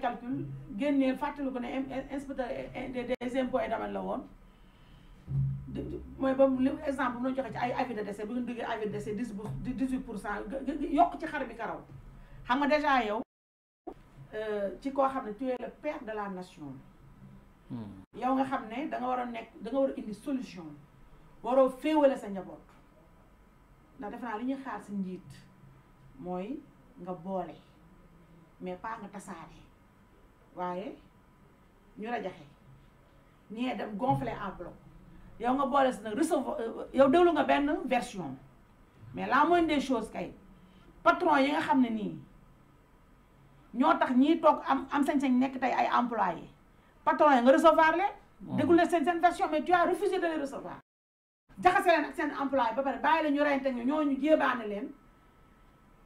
calcul génnee fàttali ko ne inspecteur des impôts et domaines la woon mooy ba li exemple bu ñu joxe ci ay avis de décès bu ñu duggee avis de décès dix dix huit pour cent yokk ci xar bi karaw xam nga déjà yow euh, ci koo xam ne tu es le père de la nation hmm. yow nga xam ne da war a nekk da war a indi solution waroo féewale sa njaboot ndax def li ñuy xaar si njiit mooy nga boole mais pas nga tasaare waaye ñu rajaxe ñee dem gonfler à yow nga boole si nag recevoir euh, yow déglu nga benn version mais la moindre des choses kay patron yi nga xam ne nii ñoo tax ñii toog am am sañ-sañ nekk tey ay employé patron yi nga recevoir leen déglu leen seen seen version mais tu as refusé de les recevoir jaxase leen ak seen employé ba pare bàyyi la ñu ñoo ñu ñooñu jéebaane leen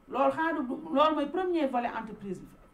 loolu xanaa du loolu mooy premier volet entreprise bi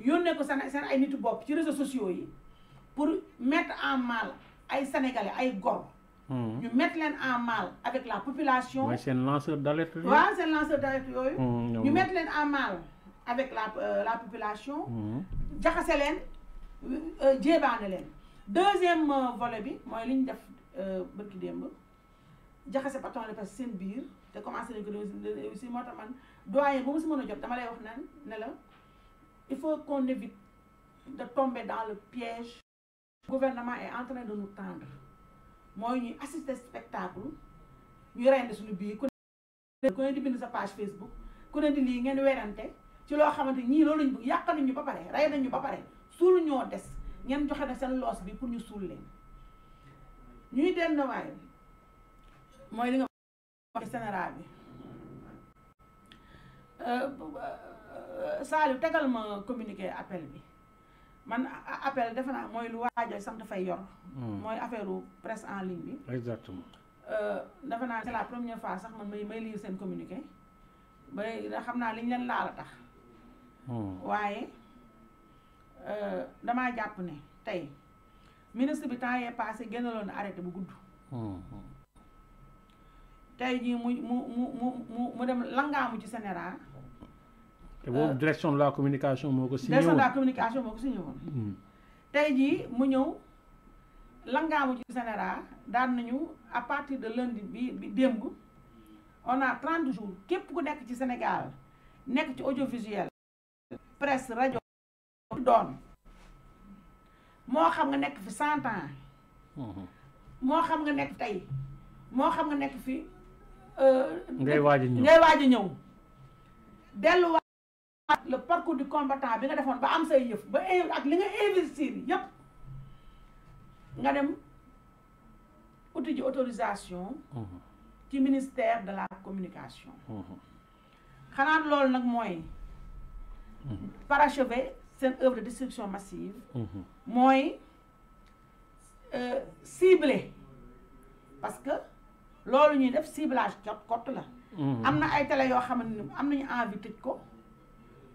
Il ko réseaux sociaux pour mettre en mal les sénégalais hmm. les en mal avec la population. C'est un lanceur d'alerte Oui, c'est lanceur d'alerte hmm, en mal avec la euh, population. Hmm. jaxase leen euh, jéebaane deuxième euh, volet bi de commencé Ils aussi doyen mu a il faut qu'on évite de tomber dans le piège. Le gouvernement est en train de nous tendre. Moi, ñuy assister spectacle suñu ku ne bind la page Facebook ku ne di Je suis ci lo ñi loolu bëgg ñu ba sur ray nañ ba suul ñoo des ñen joxé na seen loss bi pour ñu suul leen ñuy denn li nga wax page Euh, Saliou tegal ma communiqué appel bi man appel defe naa mooy lu waajal sant fay yor. Hmm. mooy affaire presse en ligne bi. exactement. Euh, defe naa c'est la première fois sax man may may seen communiqué bay xam naa liñ leen laal a tax. Hmm. waaye euh, damaa jàpp ne tey ministre bi temps yee passé génnaloon na bu gudd. Hmm. tey jii mu mu mu mu mu dem langaamu ci Sénégal. te boobu euh, direction de la communication moo ko signé woon direction de la communication moo ko signé hmm. tey jii mu ñëw langaamu ci général daan nañu à partir de lundi bi bi démb on a 30 jours képp ku nekk ci senegaal nekk ci audiovisuel presse rajo doon moo xam nga nekk fi cent ans. Hmm. moo xam nga nekk tey moo xam nga nekk fi. Euh, ngay waaj a ñëw ngay ñëw le parcours du combattant bi nga defone ba am say yeuf ba ak li nga investir yëpp nga dem outil ji autorisation mm-hmm. ci ministère de la communication mm-hmm. xanaa lool nak moy mm-hmm. parachever cette œuvre de destruction massive euh, cibler parce que loolu ñuy def ciblage cot cot la amna ay télé yo xamante amna ñu envie tëj ko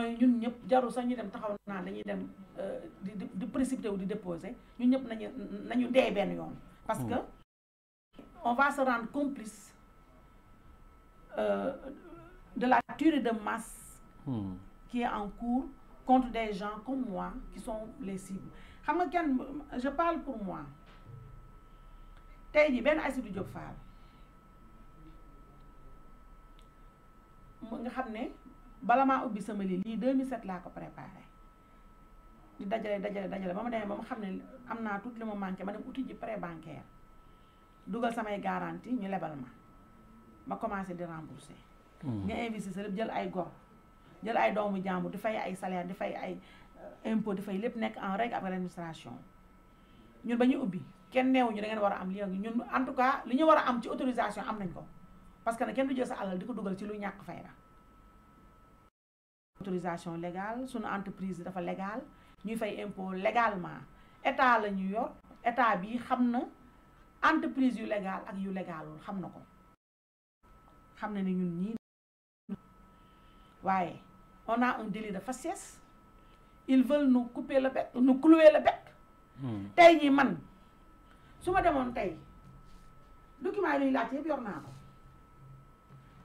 ñun ñëpp jarul sax ñu dem taxaw na dañuy dem euh, di di précipité wu di déposer ñun ñëpp nañu nañu dee yoon. parce que hmm. on va se rendre complice euh, de la tuerie de masse. Hmm. qui est en cours contre des gens comme moi qui sont les cibles xam nga kenn je parle pour moi Tay jii ben Aïssatou Diop Fall nga xamné bala maa ubbi sama lii lii 2007 laa ko préparé di dajale dajale dajale ba ma demee ba ma xam ne am naa tout li ma manqué ma dem uti ji prêt bancaire dugal samay garantie ñu lebal ma ma commencé di remboursé. Hmm. nga investir sa lépp jël ay gor jël ay doomu jàmbur di fay ay salaire di fay ay euh, impôt di fay lépp nekk en règle am l'administration ñun ba ñu ubbi kenn neewuñu da war a am lii ñun en tout cas li ñu war a am ci autorisation am nañ ko parce que nag kenn du jël sa alal ko dugal ci lu ñàkk fay la autorisation légale son entreprise dafa légale nous fay impôt légalement état la ñu yor état bi xam entreprise yu légal ak yu légalul xam na ko xam na on a un délit de faciès ils veulent nous couper le bec nous clouer le bec hmm. tey ñi man je demande aujourd'hui, le document yi là, je l'ai yor ko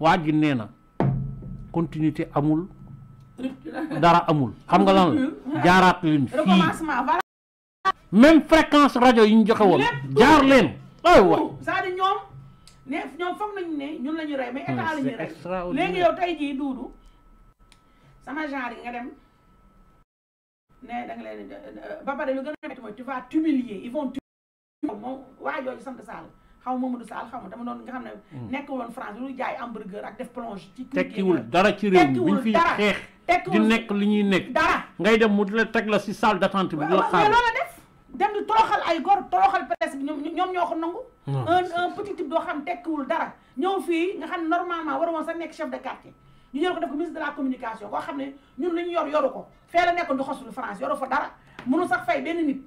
waa ji nee na continuité amul dara amul xam nga lan la jaaraat leen fii même fréquence rajo yi ñu joxe woon jaar leen ay waay cest à ne ñoom foog nañu ne ñun la ñu rey mais état la ñu rey léegi yow tey jii duudu sama genre yi nga dem ne da nga leen ba pare lu gën a metti mooy tu vas t'humilier ils vont moom sant Sall xaw ma Mamadou Sall xaw ma dama doon nga xam ne. Hmm. nekk woon France lu jaay hamburger ak def plonge. ci tekkiwul dara ci réew mi bu ñu xeex. di nekk li ñuy nekk. dara ngay dem mu di la teg la si salle d'attente bi. la xaar loola def dem di toroxal ay góor ko nangu. un un petit type doo xam tekkiwul dara. ñëw fii nga xam ne normalement war woon sax nekk chef de quartier. ñu jël ko def ko ministre de la communication koo xam ne ñun li ñu yor yoru ko fee la nekkoon di xoslu France yoru fa dara mënu sax fay benn nit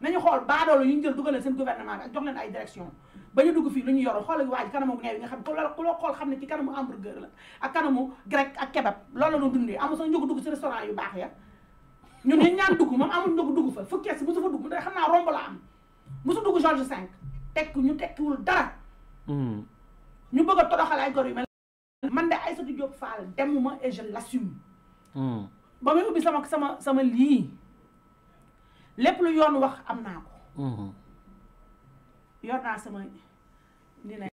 nañu xool baadoolu lu ñu jël duggal seen gouvernement ak jox leen ay direction ba ñu dugg fi lu ñu yoro xol ak ji kanamu neew yi nga xam ku la xool xol ne ci kanamu hamburger la ak kanamu grec ak kebab loolu la doon dundee amul sax ñugo dugg ci restaurant yu bax ya ñun ñu ñaan dugg mom amu ñugo dugg fa fu fukkees mosu fa dugg mu xam naa la am mosu dugg George 5 tekk ñu wul dara ñu bëgg a toroxal ay gor yu mel man de Aïssatou Diop Fall demuma et je l'assume hmm ba muy ubbi sama sama sama lii lépp lu yoon wax am naa ko mhm. yor naa sama dina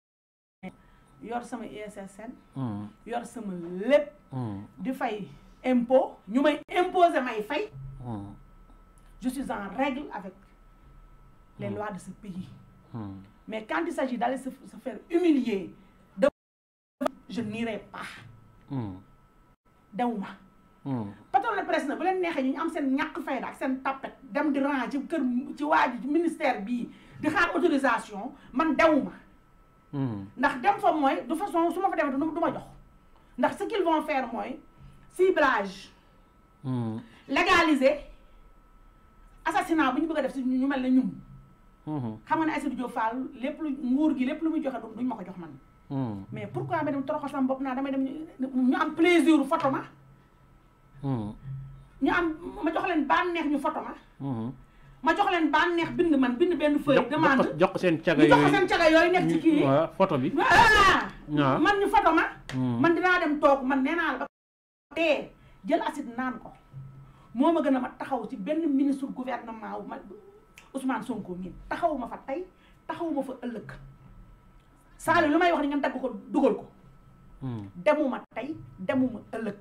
yor sama ISSN mhm. yor sama lépp mhm. di fay impôt ñu may imposer may fay je suis en règle avec les lois de ce pays mais quand il s'agit d'aller se, faire humilier de je n'irai pas dawuma patron hmm. de presse na bu len neexee ñu am sen ñak fayda ak sen tapet dem di rang ci kër ci waji ministère bi di xaar autorisation man dewuma hmm. ndax dem fa moy de façon suma fa demee du jox ndax ce qu'ils vont faire moy ciblage hmm. légaliser assassinat buñu bëgg def si ñu mel ne ñun xam nga ne Aïssatou Diop Fall lepp lu nguur gi lepp lu muy joxe duñ mako jox man mais pourquoi ma dem toroxal bop na naa damay dem ñu am plaisir photo ma Hmm. ñu am ma jox leen bànneex ñu photo ah. ma hmm. ma jox leen bànneex bind man bind benn feuille demande jox ko seen caga yooyu jox seen caga yooyu nekk ci kii photo bi ah! man ñu photo ma hmm. man dinaa dem toog man nee naa la tee jël acide naan ko moo ma gën a ma taxaw ci benn ministre gouvernement wu ma Ousmane Sonko mii taxaw ma fa tey taxaw ma fa ëllëg saali lu wax ni ngeen dagg ko dugal ko demuma tey demuma ëllëg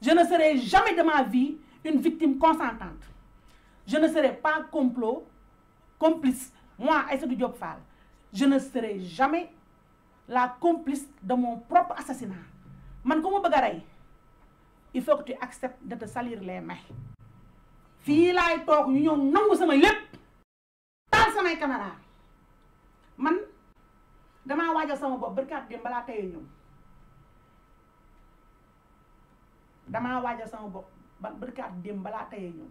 Je ne serai jamais de ma vie une victime consentante. Je ne serai pas complot, complice. Moi, Esther Diop Fall, je ne serai jamais la complice de mon propre assassinat. Man il faut que tu acceptes de te salir les mains. man damaa waajal sama bopp ba barkaat dém balaa tayee ñëw